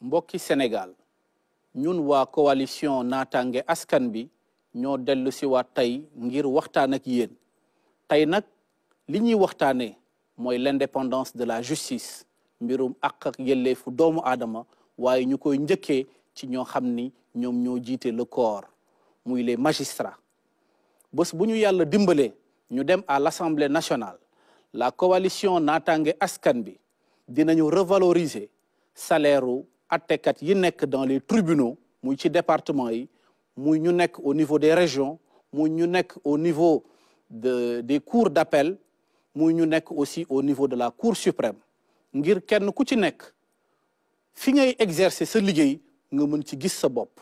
mbokki Sénégal ñun waa coalition naataange askan bi ñoo dellu si tey ngir waxtaan ak yéen tey nag li ñuy waxtaanee mooy l'indépendance de la justice mbirum àq ak yelleefu doomu aadama waaye ñu koy njëkkee ci ñoo xam ni ñoom ñoo jiite le corps muy les magistrats bés bu ñu yàlla dimbalee ñu dem à l'Assemblée nationale la coalition naataange askan bi dinañu revaloriser salaire attekat yi nek dans les tribunaux multi ci département yi muy ñu au niveau des régions muy ñu au niveau de des cours d'appel muy ñu aussi au niveau de la cour suprême ngir kenn ku ci nek. fi ngay exercer ce lieu, nga mën ci gis sa bopp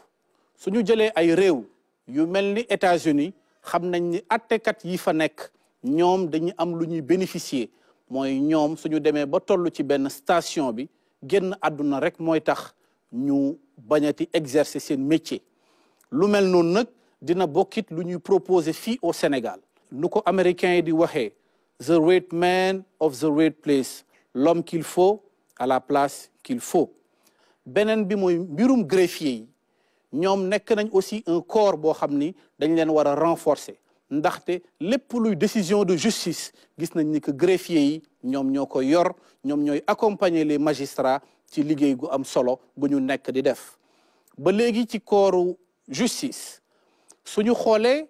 su ñu jëlee ay réew yu États-Unis xam nañ ni attekat yi fa nek, ñoom dañu am lu bénéficier mooy ñoom suñu demee ba toll ci ben station bi génn àdduna rek mooy tax ñu bañati exercer seen métier lu mel noonu nag dina bokkit lu ñuy proposer fii au Sénégal nu ko américain yi di waxee the right man of the right place l'homme qu'il faut à la place qu'il faut beneen bi mooy mbirum greffier yi ñoom nekk nañ aussi un corps boo xam ni dañ leen war a renforcer ndaxte lépp luy décision de justice gis nañ ni que greffier yi ñom ñoko yor ñom ñoy accompagner les magistrats ci liguey gu am solo bu ñu nekk di def ba légui ci kooru justice suñu xolé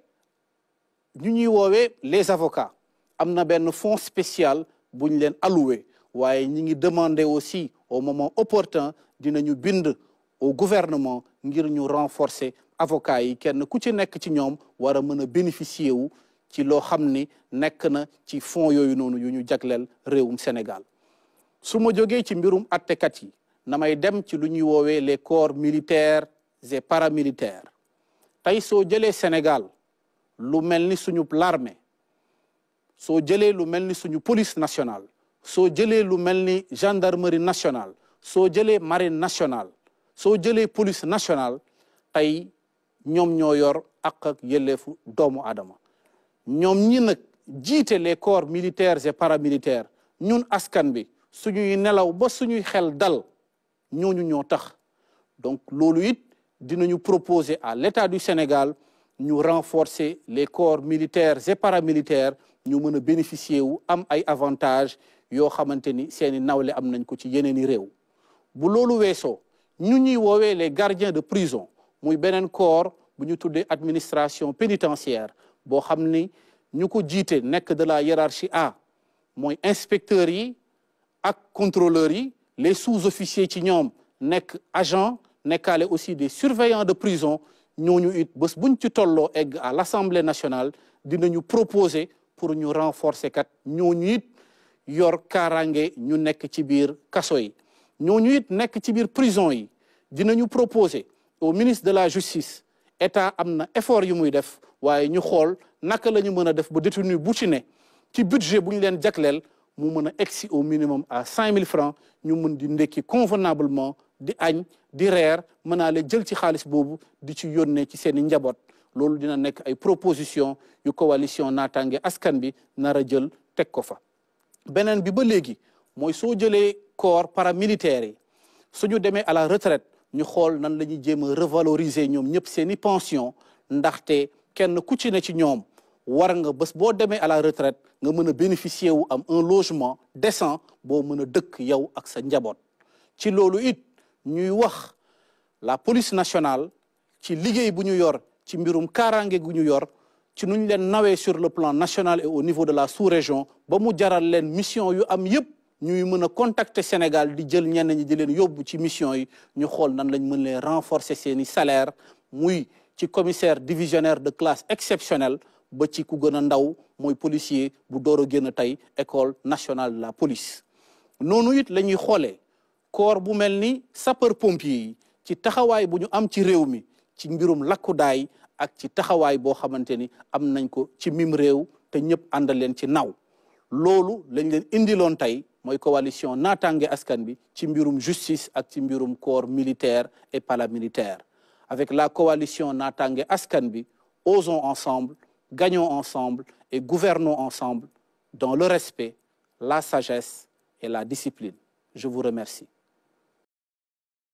ñu ñi wowe les avocats amna na benn fonds spécial buñ leen alloué waye ñi ngi demander aussi au moment opportun dinañu bind au gouvernement ngir ñu renforcer avocats yi kenn ku ci nekk ci ñom wara a bénéficier wu ci loo xam ni nekk na ci fonds yooyu noonu yu ñu jagleel réewum Sénégal su ma jógee ci mbirum attekat yi na may dem ci lu ñuy woowee les corps militaires et paramilitaires tey soo jëlee Sénégal lu mel ni suñu l'armée soo jëlee lu mel ni suñu police nationale soo jëlee lu mel ni gendarmerie nationale soo jëlee marine nationale soo jëlee police nationale tey ñoom ñoo yor ak ak yelleefu doomu aadama Nous ñi dit les corps militaires et paramilitaires ñun askan bi suñuy nelaw ba suñuy xel dal ñoo tax donc nous it dinañu proposer à l'État du Sénégal nous renforcer les corps militaires et paramilitaires ñu mën bénéficier wu am ay avantages yo xamanteni seeni nawle am nañ ko ci les gardiens de prison muy un corps bu ñu administration pénitentiaire bo xamni ñuko jité nek de la hiérarchie A moy inspecteur yi ak contrôleur yi les sous-officiers ci ñom nek agent nekkaale aussi des surveillants de prison ñoñu it bés buñ ci tolloo egg à l'Assemblée nationale dinañu proposer pour ñu renforcer kat ñoñu it yor karangé ñu nek ci bir kaso yi ñoñu it nek ci bir prison yi dinañu proposer au ministre de la justice état amna effort yu muy def waaye ñu xool naka lañu mën a def ba détenu bu ci ne ci budget bu ñu leen jagleel mu mën a egsi au minimum à cinq mille francs ñu mun di ndekki convenablement di añ di reer mën naa leen jël ci xaalis boobu di ci yónnee ci seen i njaboot loolu dina nekk ay proposition yu coalition naataange askan bi nar a jël teg ko fa beneen bi ba léegi mooy soo jëlee corps paramilitaires yi ñu demee à la retraite ñu xool nan la ñuy jéem a revaloriser ñoom ñëpp seen i pension ndaxte kenn ku ci ne ci ñoom war nga bés boo demee à la retraite nga mën a bénéficier wu am un logement décent boo mën a dëkk yow ak sa njaboot ci loolu it ñuy wax la police nationale ci liggéey bu ñu yor ci mbirum kaaraange gu ñu yor ci nuñ leen nawee sur le plan national et au niveau de la sous-région ba mu jaral leen mission yu am yépp ñuy mën a contacter Sénégal di jël ñenn ñi di leen yóbbu ci mission yi ñu xool nan lañ mën leen renforcer seeni salaire muy ci commissaire divisionnaire de classe exceptionnelle ba ci ku gëna ndaw moy policier bu dooro génn tey école nationale de la police noonu it lañuy ñuy xoolee corps bu mel ni sapeur pompier yi ci taxawaay bu ñu am ci réew mi ci mbirum lakkudaay ak ci taxawaay boo xamante ni am nañ ko ci mim réew te ñëpp àndal leen ci naw loolu lañ leen indiloon tey mooy coalition naataange askan bi ci mbirum justice ak ci mbirum corps militaire et paramilitaire avec la coalition Natangue Askanbi, osons ensemble, gagnons ensemble et gouvernons ensemble dans le respect, la sagesse et la discipline. Je vous remercie.